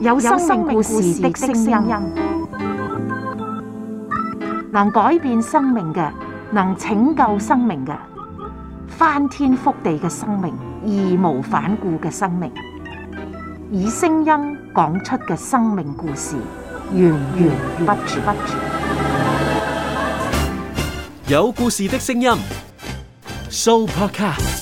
有生命故事的聲音，能改變生命嘅，能拯救生命嘅，翻天覆地嘅生命，義無反顧嘅生命，以聲音講出嘅生命故事，源源不絕。有故事的聲音，Supercar。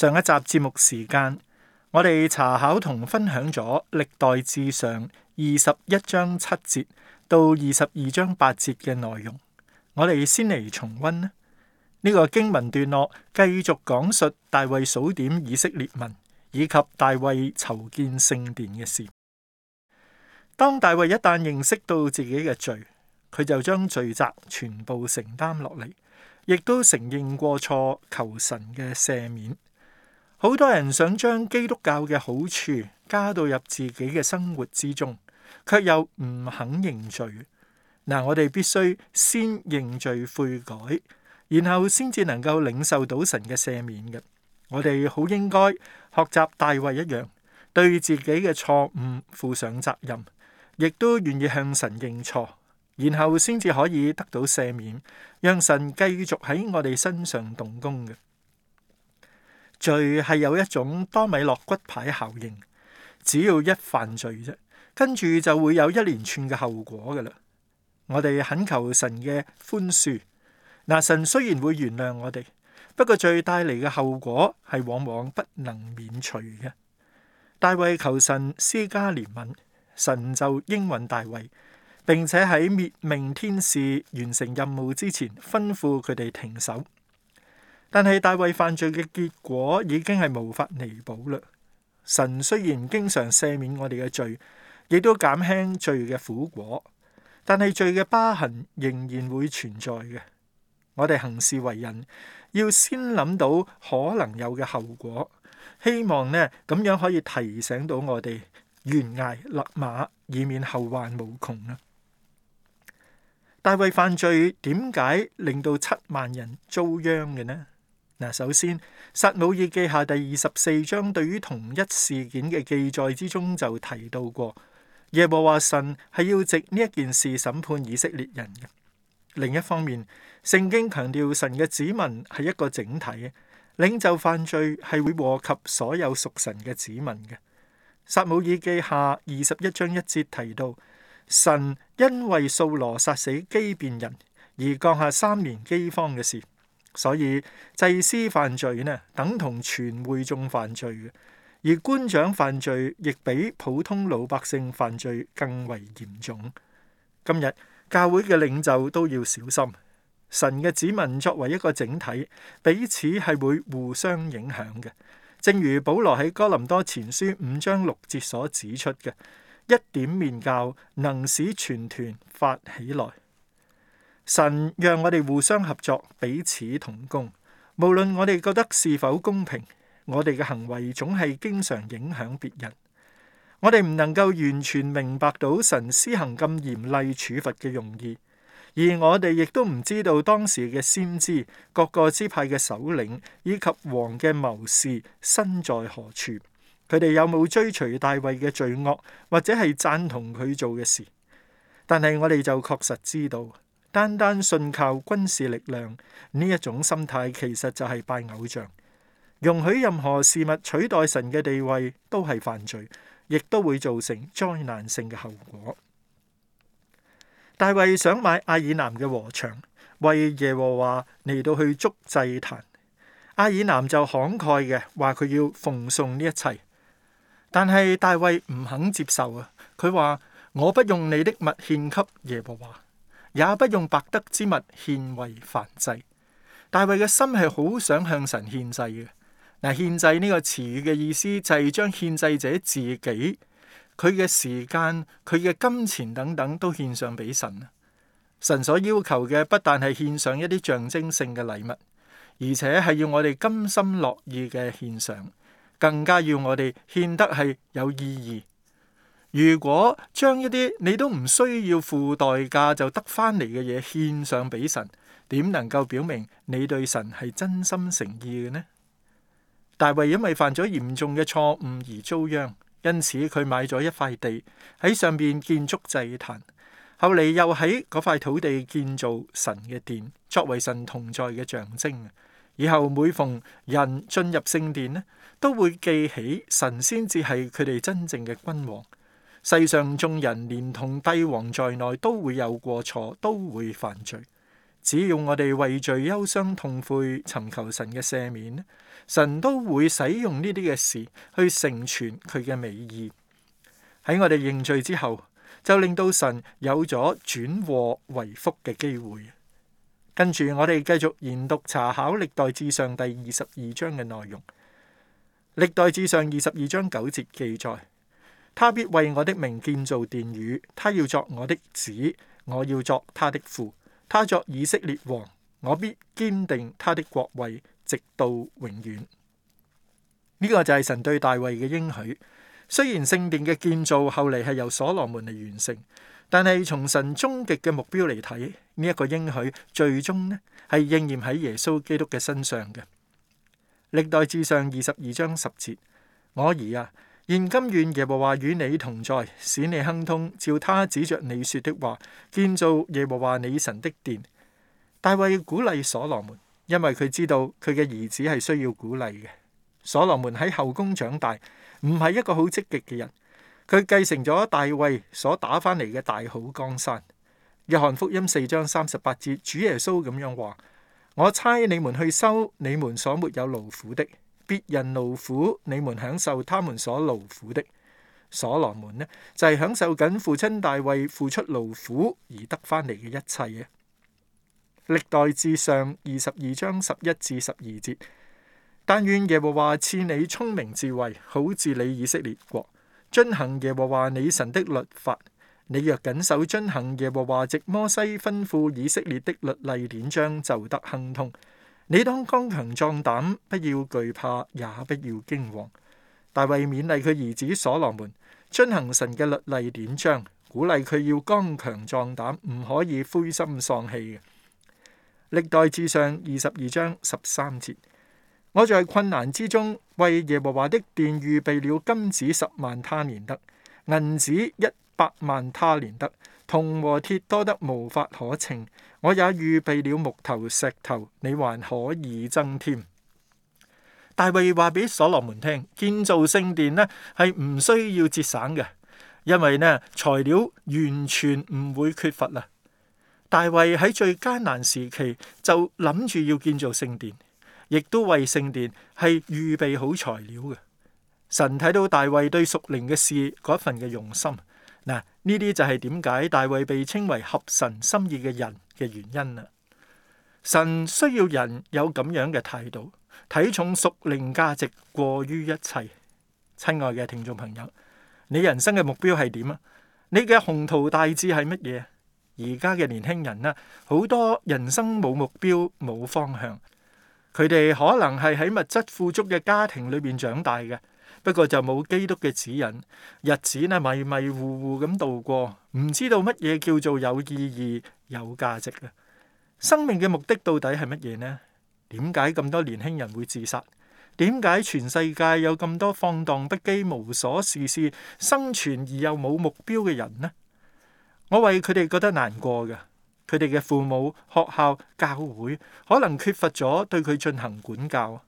上一集節目時間，我哋查考同分享咗歷代志上二十一章七節到二十二章八節嘅內容。我哋先嚟重溫呢、這個經文段落，繼續講述大衛數點以色列民，以及大衛籌建聖殿嘅事。當大衛一旦認識到自己嘅罪，佢就將罪責全部承擔落嚟，亦都承認過錯，求神嘅赦免。好多人想將基督教嘅好處加到入自己嘅生活之中，卻又唔肯認罪。嗱，我哋必須先認罪悔改，然後先至能夠領受到神嘅赦免嘅。我哋好應該學習大衛一樣，對自己嘅錯誤負上責任，亦都願意向神認錯，然後先至可以得到赦免，讓神繼續喺我哋身上動工嘅。罪係有一種多米諾骨牌效應，只要一犯罪啫，跟住就會有一連串嘅後果㗎喇。我哋懇求神嘅寬恕，嗱、呃，神雖然會原諒我哋，不過罪帶嚟嘅後果係往往不能免除嘅。大衛求神施加憐憫，神就應允大衛，並且喺滅命天使完成任務之前吩咐佢哋停手。但係大衛犯罪嘅結果已經係無法彌補嘞。神雖然經常赦免我哋嘅罪，亦都減輕罪嘅苦果，但係罪嘅疤痕仍然會存在嘅。我哋行事為人要先諗到可能有嘅後果，希望呢咁樣可以提醒到我哋懸崖勒馬，以免後患無窮啊！大衛犯罪點解令到七萬人遭殃嘅呢？嗱，首先《撒母耳記下》第二十四章對於同一事件嘅記載之中就提到過，耶和華神係要藉呢一件事審判以色列人嘅。另一方面，聖經強調神嘅子民係一個整體嘅，領袖犯罪係會禍及所有屬神嘅子民嘅。《撒母耳記下》二十一章一節提到，神因為掃羅殺死基遍人而降下三年饑荒嘅事。所以祭司犯罪呢，等同全會眾犯罪嘅；而官長犯罪，亦比普通老百姓犯罪更為嚴重。今日教會嘅領袖都要小心，神嘅子民作為一個整體，彼此係會互相影響嘅。正如保羅喺哥林多前書五章六節所指出嘅：一點麵酵能使全團發起來。神讓我哋互相合作，彼此同工。無論我哋覺得是否公平，我哋嘅行為總係經常影響別人。我哋唔能夠完全明白到神施行咁嚴厲處罰嘅用意，而我哋亦都唔知道當時嘅先知、各個支派嘅首領以及王嘅謀士身在何處，佢哋有冇追隨大衛嘅罪惡，或者係贊同佢做嘅事？但係我哋就確實知道。單單信靠軍事力量呢一種心態，其實就係拜偶像，容許任何事物取代神嘅地位，都係犯罪，亦都會造成災難性嘅後果。 大衛想買阿爾南嘅禾場，為耶和華嚟到去築祭壇。阿爾南就慷慨嘅話，佢要奉送呢一切，但係大衛唔肯接受啊。佢話我不用你的物獻給耶和華。也不用白得之物獻為燔祭，大衛嘅心係好想向神獻祭嘅。嗱，獻祭呢個詞語嘅意思就係將獻祭者自己、佢嘅時間、佢嘅金錢等等都獻上俾神。神所要求嘅不但係獻上一啲象徵性嘅禮物，而且係要我哋甘心樂意嘅獻上，更加要我哋獻得係有意義。如果將一啲你都唔需要付代價就得翻嚟嘅嘢獻上俾神，點能夠表明你對神係真心誠意嘅呢？大衛因為犯咗嚴重嘅錯誤而遭殃，因此佢買咗一塊地喺上邊建築祭壇，後嚟又喺嗰塊土地建造神嘅殿，作為神同在嘅象徵。以後每逢人進入聖殿呢，都會記起神先至係佢哋真正嘅君王。世上眾人連同帝王在內都會有過錯，都會犯罪。只要我哋為罪、憂傷、痛悔，尋求神嘅赦免，神都會使用呢啲嘅事去成全佢嘅美意。喺我哋認罪之後，就令到神有咗轉禍為福嘅機會。跟住我哋繼續研讀查考歷代志上第二十二章嘅內容。歷代志上二十二章九節記載。他必為我的名建造殿宇，他要作我的子，我要作他的父。他作以色列王，我必堅定他的國位，直到永遠。呢、這個就係神對大衛嘅應許。雖然聖殿嘅建造後嚟係由所羅門嚟完成，但係從神終極嘅目標嚟睇，呢、這、一個應許最終呢係應驗喺耶穌基督嘅身上嘅。歷代志上二十二章十節，我兒啊。現今願耶和華與你同在，使你亨通，照他指着你說的話建造耶和華你神的殿。大衛鼓勵所羅門，因為佢知道佢嘅兒子係需要鼓勵嘅。所羅門喺後宮長大，唔係一個好積極嘅人。佢繼承咗大衛所打返嚟嘅大好江山。約翰福音四章三十八節，主耶穌咁樣話：我差你們去收你們所沒有勞苦的。別人勞苦，你們享受他們所勞苦的。所羅門呢，就係、是、享受緊父親大衛付出勞苦而得翻嚟嘅一切嘅。歷代志上二十二章十一至十二節。但願耶和華賜你聰明智慧，好治理以色列國，遵行耶和華你神的律法。你若謹守遵行耶和華藉摩西吩咐以色列的律例典章，就得亨通。你當剛強壯膽，不要懼怕，也不要驚惶。大衛勉，勉勵佢兒子所羅門，遵行神嘅律例典章，鼓勵佢要剛強壯膽，唔可以灰心喪氣嘅。歷代志上二十二章十三節：我在困難之中，為耶和華的殿預備了金子十萬他連得，銀子一百萬他連得。」銅和鐵多得無法可稱，我也預備了木頭、石頭，你還可以增添。大衛話俾所羅門聽，建造聖殿呢係唔需要節省嘅，因為呢材料完全唔會缺乏喇。大衛喺最艱難時期就諗住要建造聖殿，亦都為聖殿係預備好材料嘅。神睇到大衛對屬靈嘅事嗰份嘅用心。呢啲就係點解大衛被稱為合神心意嘅人嘅原因啦。神需要人有咁樣嘅態度，睇重屬靈價值過於一切。親愛嘅聽眾朋友，你人生嘅目標係點啊？你嘅宏圖大志係乜嘢？而家嘅年輕人啦，好多人生冇目標冇方向，佢哋可能係喺物質富足嘅家庭裏邊長大嘅。不過就冇基督嘅指引，日子呢，迷迷糊糊咁度過，唔知道乜嘢叫做有意義、有價值咧。生命嘅目的到底係乜嘢呢？點解咁多年輕人會自殺？點解全世界有咁多放蕩不羈、無所事事、生存而又冇目標嘅人呢？我為佢哋覺得難過嘅，佢哋嘅父母、學校、教會可能缺乏咗對佢進行管教。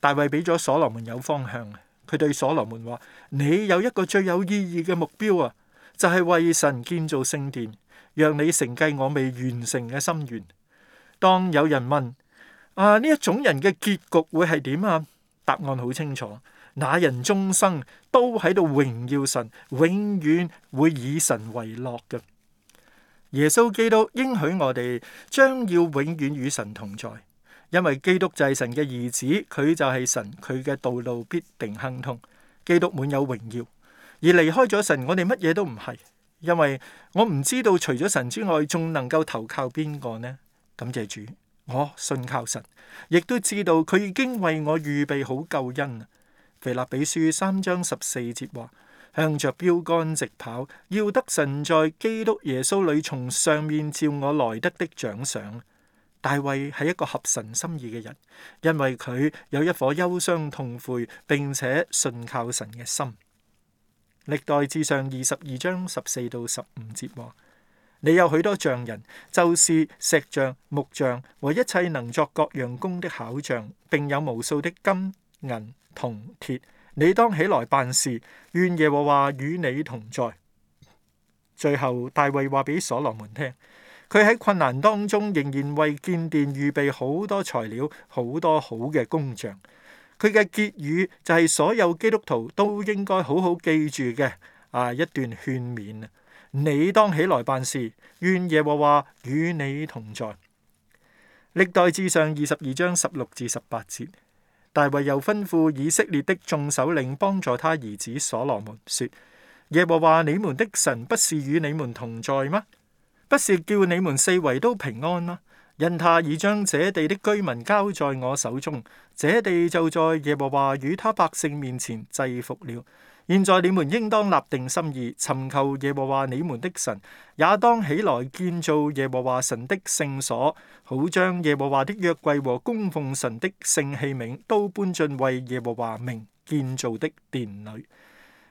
大衛俾咗所羅門有方向。佢對所羅門話：你有一個最有意義嘅目標啊，就係為神建造聖殿，讓你承繼我未完成嘅心願。當有人問：啊呢一種人嘅結局會係點啊？答案好清楚，那人終生都喺度榮耀神，永遠會以神為樂嘅。耶穌基督應許我哋將要永遠與神同在。因為基督就係神嘅兒子，佢就係神，佢嘅道路必定亨通。基督滿有榮耀，而離開咗神，我哋乜嘢都唔係。因為我唔知道除咗神之外，仲能夠投靠邊個呢？感謝主，我信靠神，亦都知道佢已經為我預備好救恩。腓立比書三章十四節話：向着標杆直跑，要得神在基督耶穌裏從上面召我來得的獎賞。大衛係一個合神心意嘅人，因為佢有一顆憂傷痛悔並且信靠神嘅心。歷代志上二十二章十四到十五節話：你有許多匠人，就是石匠、木匠和一切能作各樣工的巧匠，並有無數的金銀銅鐵，你當起來辦事，願耶和華與你同在。最後，大衛話俾所羅門聽。佢喺困難當中仍然為建殿預備好多材料，好多好嘅工匠。佢嘅結語就係所有基督徒都應該好好記住嘅啊一段勸勉。你當起來辦事，願耶和華與你同在。歷代志上二十二章十六至十八節，大衛又吩咐以色列的眾首領幫助他兒子所羅門，說：耶和華你們的神不是與你們同在嗎？不是叫你們四圍都平安嗎？因他已將這地的居民交在我手中，這地就在耶和華與他百姓面前制服了。現在你們應當立定心意，尋求耶和華你們的神，也當起來建造耶和華神的聖所，好將耶和華的約櫃和供奉神的聖器皿都搬進為耶和華名建造的殿裏。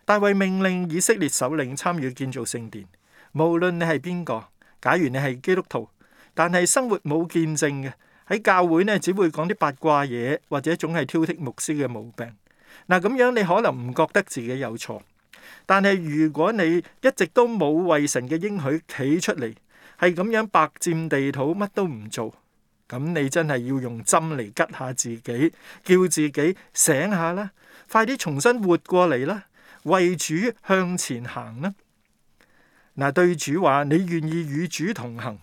大衛命令以色列首領參與建造聖殿，無論你係邊個。假如你係基督徒，但係生活冇見證嘅，喺教會呢，只會講啲八卦嘢，或者總係挑剔牧師嘅毛病。嗱，咁樣你可能唔覺得自己有錯，但係如果你一直都冇為神嘅應許企出嚟，係咁樣白佔地土，乜都唔做，咁你真係要用針嚟吉下自己，叫自己醒下啦，快啲重新活過嚟啦，為主向前行啦。嗱，對主話：你願意與主同行，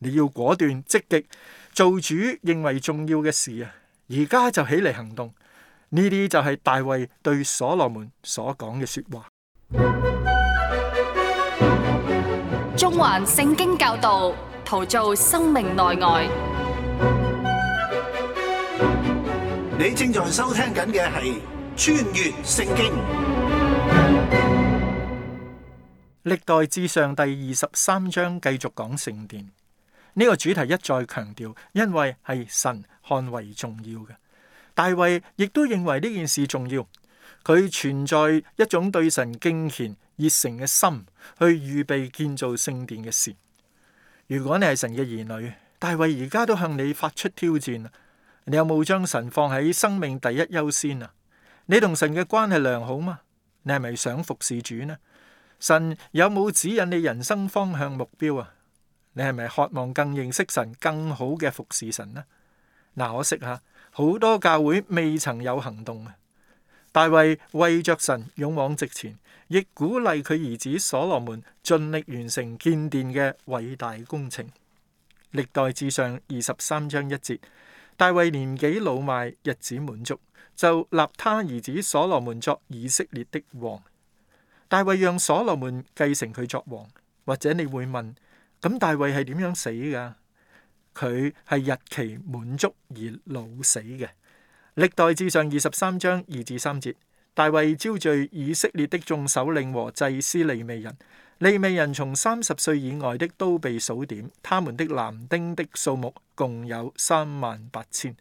你要果斷積極做主認為重要嘅事啊！而家就起嚟行動，呢啲就係大衛對所羅門所講嘅説話。縱橫聖經教導，陶造生命內外。你正在收聽緊嘅係《穿越聖經》。歷代志上第二十三章繼續講聖殿，呢、呢個主題一再強調，因為係神看為重要嘅。大衛亦都認為呢件事重要，佢存在一種對神敬虔熱誠嘅心，去預備建造聖殿嘅事。如果你係神嘅兒女，大衛而家都向你發出挑戰，你有冇將神放喺生命第一優先啊？你同神嘅關係良好嗎？你係咪想服侍主呢？神有冇指引你人生方向目標啊？你係咪渴望更認識神、更好嘅服侍神呢？嗱，可惜啊，好多教會未曾有行動啊！大衛為着神勇往直前，亦鼓勵佢兒子所羅門盡力完成建殿嘅偉大工程。歷代志上二十三章一節，大衛年紀老邁，日子滿足，就立他兒子所羅門作以色列的王。大衛讓所羅門繼承佢作王，或者你會問，咁大衛係點樣死噶？佢係日期滿足而老死嘅。歷代志上二十三章二至三節，大衛招聚以色列的眾首領和祭司利未人，利未人從三十歲以外的都被數點，他們的男丁的數目共有三萬八千。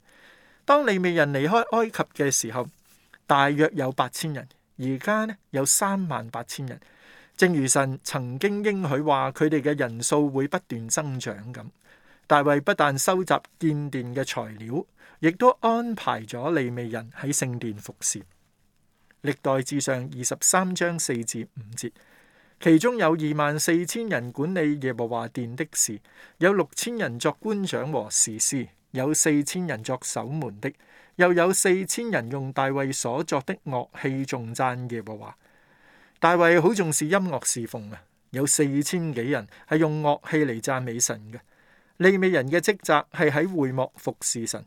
當利未人離開埃及嘅時候，大約有八千人。而家咧有三萬八千人，正如神曾經應許話，佢哋嘅人數會不斷增長咁。大衛不但收集建殿嘅材料，亦都安排咗利未人喺聖殿服侍。歷代志上二十三章四至五節，其中有二萬四千人管理耶和華殿的事，有六千人作官長和士師，有四千人作守門的。又有四千人用大衛所作的樂器頌讚嘅話，大衛好重視音樂侍奉啊。有四千幾人係用樂器嚟讚美神嘅。利未人嘅職責係喺會幕服侍神。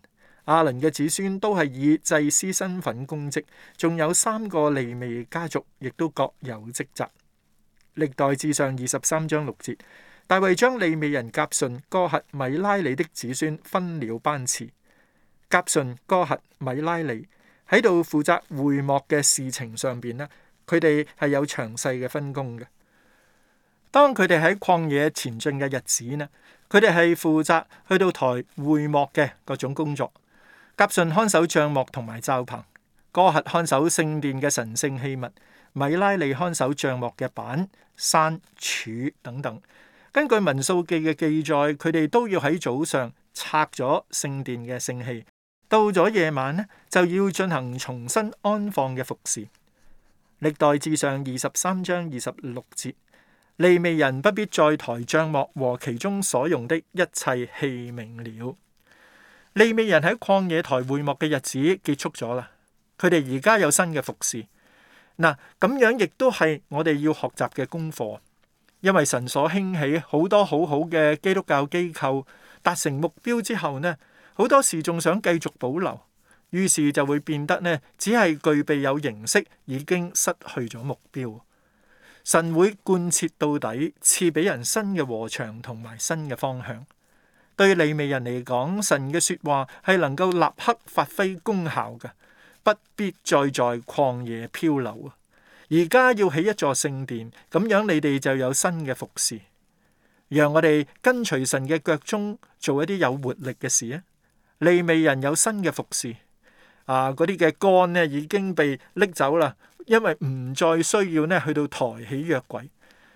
亞倫嘅子孫都係以祭司身份供職，仲有三個利未家族亦都各有職責。歷代志上二十三章六節，大衛將利未人革順、哥轄、米拉利的子孫分了班次。甲順、哥轄、米拉利喺度負責會幕嘅事情上邊呢，佢哋係有詳細嘅分工嘅。當佢哋喺曠野前進嘅日子呢，佢哋係負責去到台會幕嘅各種工作。甲順看守帳幕同埋罩棚，哥轄看守聖殿嘅神聖器物，米拉利看守帳幕嘅板、山柱等等。根據《民數記》嘅記載，佢哋都要喺早上拆咗聖殿嘅聖器。到咗夜晚呢，就要進行重新安放嘅服侍。歷代志上二十三章二十六節：利未人不必再抬帳幕和其中所用的一切器皿了。利未人喺曠野台會幕嘅日子結束咗啦，佢哋而家有新嘅服侍。嗱，咁樣亦都係我哋要學習嘅功課，因為神所興起很多很好多好好嘅基督教機構達成目標之後呢。好多時仲想繼續保留，於是就會變得呢，只係具備有形式，已經失去咗目標。神會貫徹到底，賜俾人新嘅和場同埋新嘅方向。對利未人嚟講，神嘅説話係能夠立刻發揮功效嘅，不必再在曠野漂流。而家要起一座聖殿，咁樣你哋就有新嘅服侍。讓我哋跟隨神嘅腳中做一啲有活力嘅事啊！利未人有新嘅服侍，啊，嗰啲嘅杆呢已經被拎走啦，因為唔再需要呢去到抬起約櫃，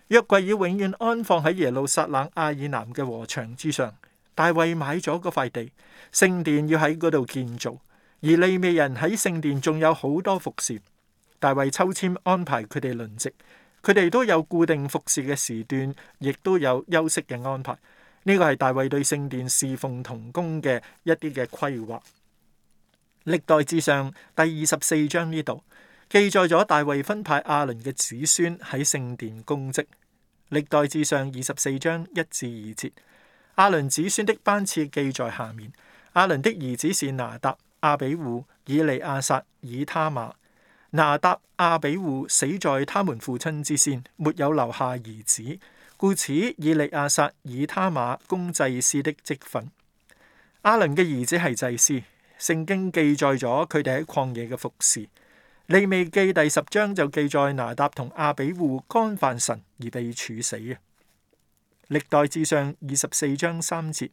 約櫃要永遠安放喺耶路撒冷亞爾南嘅禾場之上。大衛買咗嗰塊地，聖殿要喺嗰度建造，而利未人喺聖殿仲有好多服侍，大衛抽籤安排佢哋輪值，佢哋都有固定服侍嘅時段，亦都有休息嘅安排。呢個係大衛對聖殿侍奉同工嘅一啲嘅規劃。歷代志上第二十四章呢度記載咗大衛分派亞倫嘅子孫喺聖殿供職。歷代志上二十四章一至二節，亞倫子孫的班次記在下面。亞倫的兒子是拿達、阿比戶、以利亞撒、以他馬。拿達、阿比戶死在他們父親之先，沒有留下兒子。故此，以利亞撒以他馬供祭司的職分，亞倫嘅兒子係祭司。聖經記載咗佢哋喺曠野嘅服侍。利未記第十章就記載拿達同亞比戶干犯神而被處死嘅。歷代志上二十四章三節，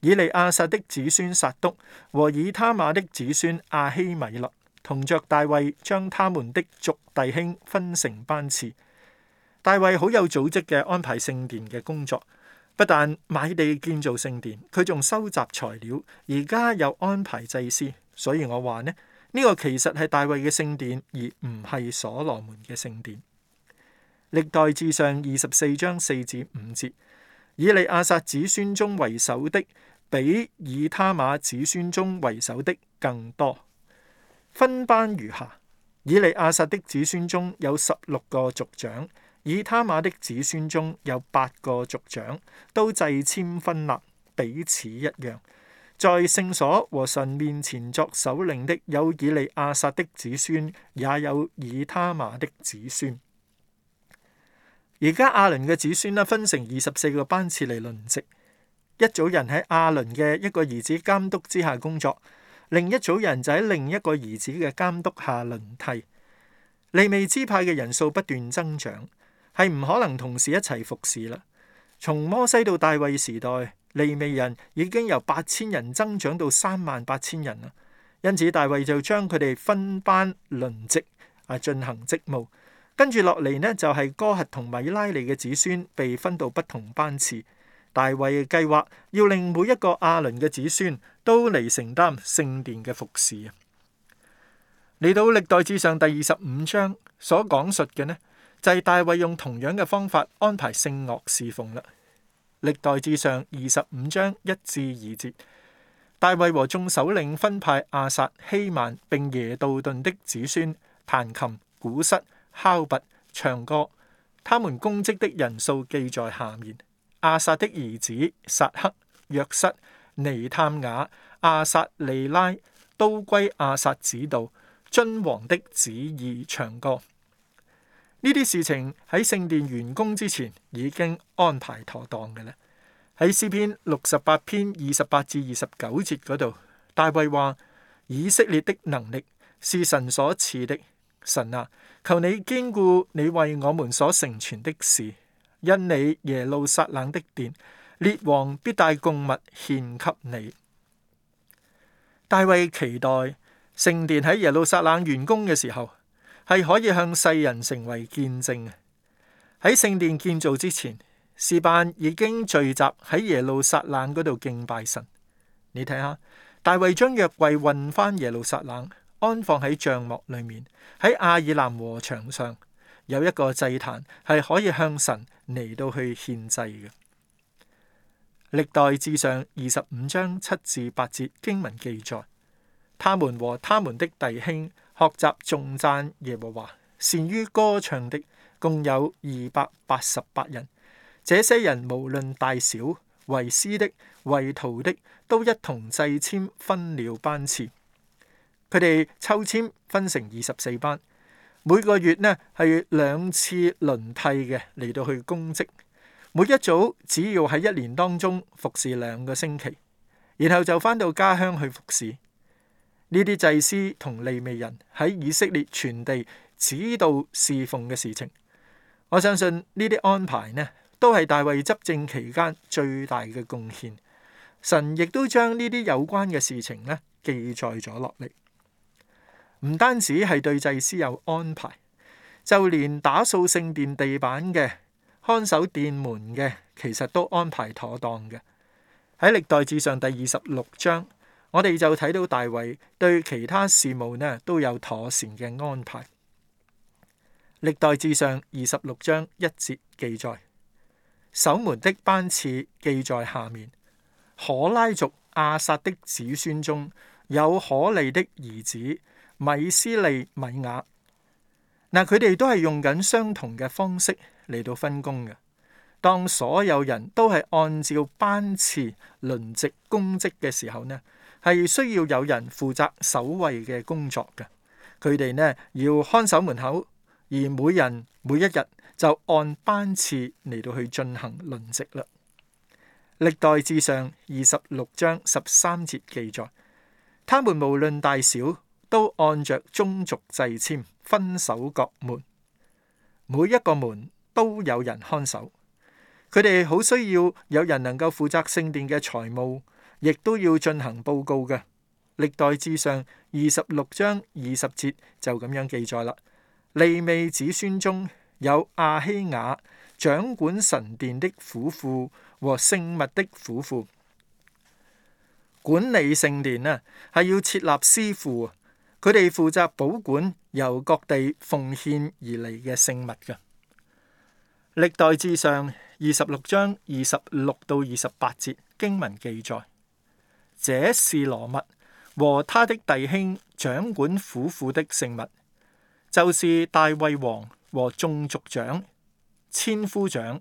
以利亞撒的子孫撒督和以他馬的子孫亞希米勒，同着大衛將他們的族弟兄分成班次。大衛好有組織嘅安排聖殿嘅工作，不但買地建造聖殿，佢仲收集材料，而家又安排祭司。所以我話呢，呢個其實係大衛嘅聖殿，而唔係所羅門嘅聖殿。歷代志上二十四章四至五節，以利亞撒子孫中為首的，比以他瑪子孫中為首的更多。分班如下：以利亞撒的子孫中有十六個族長。以他馬的子孫中有八個族長，都掣籤分立，彼此一樣。在聖所和神面前作首領的，有以利亞撒的子孫，也有以他馬的子孫。而家阿倫嘅子孫咧，分成二十四個班次嚟輪值。一組人喺阿倫嘅一個兒子監督之下工作，另一組人就喺另一個兒子嘅監督下輪替。利未支派嘅人數不斷增長。係唔可能同時一齊服侍啦。從摩西到大衛時代，利未人已經由八千人增長到三萬八千人啊。因此，大衛就將佢哋分班輪值啊進行職務。跟住落嚟呢，就係哥核同米拉尼嘅子孫被分到不同班次。大衛嘅計劃要令每一個亞倫嘅子孫都嚟承擔聖殿嘅服侍。嚟到歷代志上第二十五章所講述嘅呢，就係大衛用同樣嘅方法安排聖樂侍奉嘞。歷代志上二十五章一至二節，大衛和眾首領分派亞薩、希曼並耶杜頓的子孫彈琴、鼓瑟、敲鈸、唱歌。他們供職的人數記在下面：亞薩的兒子撒克、約瑟、尼探雅、亞薩利拉都歸亞薩指導，遵王的旨意唱歌。呢啲事情喺聖殿完工之前已經安排妥當嘅咧。喺詩篇六十八篇二十八至二十九節嗰度，大衛話：以色列的能力是神所賜的，神啊，求你堅固你為我們所成全的事，因你耶路撒冷的殿，列王必帶貢物獻給你。大衛期待聖殿喺耶路撒冷完工嘅時候。係可以向世人成為見證嘅。喺聖殿建造之前，詩班已經聚集喺耶路撒冷嗰度敬拜神。你睇下，大衛將約櫃運翻耶路撒冷，安放喺帳幕裏面。喺阿珥楠禾場上有一個祭壇，係可以向神嚟到去獻祭嘅。歷代志上二十五章七至八節經文記載，他們和他們的弟兄。學習頌讚耶和華，善於歌唱的共有二百八十八人。這些人無論大小，為師的、為徒的，都一同制簽分了班次。佢哋抽簽分成二十四班，每個月呢係兩次輪替嘅，嚟到去供職。每一組只要喺一年當中服侍兩個星期，然後就返到家鄉去服侍。呢啲祭司同利未人喺以色列全地指導侍奉嘅事情，我相信呢啲安排呢都係大衛執政期間最大嘅貢獻。神亦都將呢啲有關嘅事情呢記載咗落嚟，唔單止係對祭司有安排，就連打掃聖殿地板嘅、看守殿門嘅，其實都安排妥當嘅。喺歷代志上第二十六章。我哋就睇到大衛對其他事務呢都有妥善嘅安排。歷代志上二十六章一節記載，守門的班次記在下面。可拉族亞薩的子孫中有可利的兒子米斯利米雅。嗱，佢哋都係用緊相同嘅方式嚟到分工嘅。當所有人都係按照班次輪值公職嘅時候呢，係需要有人負責守衛嘅工作嘅，佢哋呢，要看守門口，而每人每一日就按班次嚟到去進行輪值啦。歷代志上二十六章十三節記載，他們無論大小，都按着宗族制籤，分守各門，每一個門都有人看守。佢哋好需要有人能夠負責聖殿嘅財務。亦都要進行報告嘅。歷代志上二十六章二十節就咁樣記載啦。利未子孫中有亞希雅掌管神殿的府庫和聖物的府庫，管理聖殿啊，係要設立司庫，佢哋負責保管由各地奉獻而嚟嘅聖物嘅。歷代志上二十六章二十六到二十八節經文記載。這是羅密和他的弟兄掌管府庫的聖物，就是大衛王和眾族長、千夫長、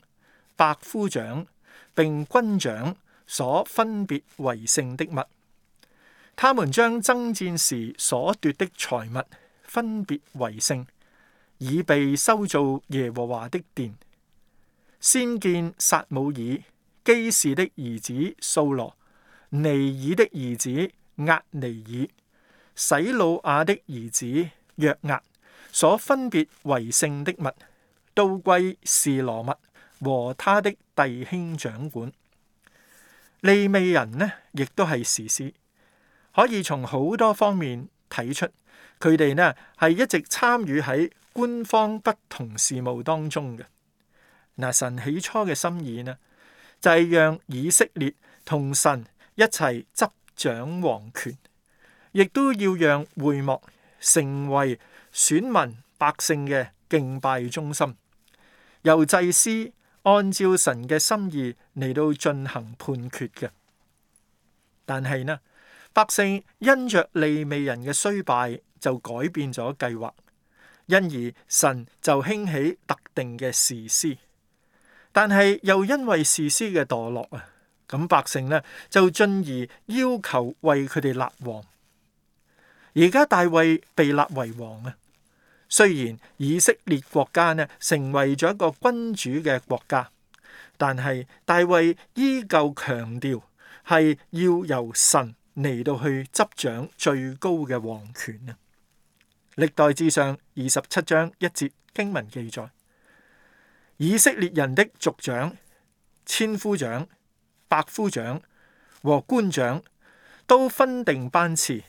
百夫長並軍長所分別為聖的物。他們將爭戰時所奪的財物分別為聖，以備修造耶和華的殿。先見撒母耳、基士的兒子蘇羅。尼爾的兒子押尼爾、洗魯亞的兒子約押所分別為聖的物，都歸示羅密和他的弟兄掌管。利未人呢，亦都係士師，可以從好多方面睇出佢哋呢係一直參與喺官方不同事務當中嘅。嗱，神起初嘅心意呢，就係、是、讓以色列同神。一齊執掌皇權，亦都要讓會幕成為選民百姓嘅敬拜中心，由祭司按照神嘅心意嚟到進行判決嘅。但係呢，百姓因着利未人嘅衰敗就改變咗計劃，因而神就興起特定嘅士師，但係又因為士師嘅墮落啊。咁百姓呢，就進而要求為佢哋立王。而家大衛被立為王啊。雖然以色列國家呢，成為咗一個君主嘅國家，但係大衛依舊強調係要由神嚟到去執掌最高嘅王權啊。歷代志上二十七章一節經文記載，以色列人的族長、千夫長。百夫長和官長都分定班次，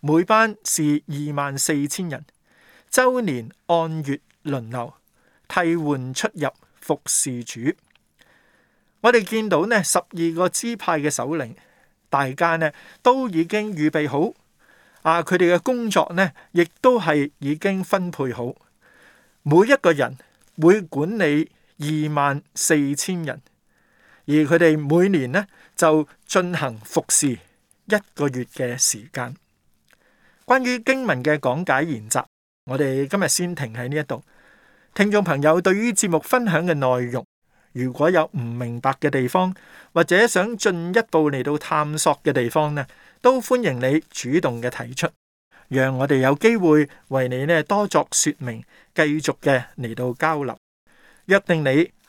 每班是二萬四千人，周年按月輪流，替換出入服侍主。我哋見到呢，十二個支派嘅首領，大家呢都已經預備好，啊，佢哋嘅工作呢亦都係已經分配好，每一個人會管理二萬四千人。而佢哋每年呢，就進行服侍一個月嘅時間。關於經文嘅講解研習，我哋今日先停喺呢一度。聽眾朋友，對於節目分享嘅內容，如果有唔明白嘅地方，或者想進一步嚟到探索嘅地方呢，都歡迎你主動嘅提出，讓我哋有機會為你呢多作説明，繼續嘅嚟到交流。約定你。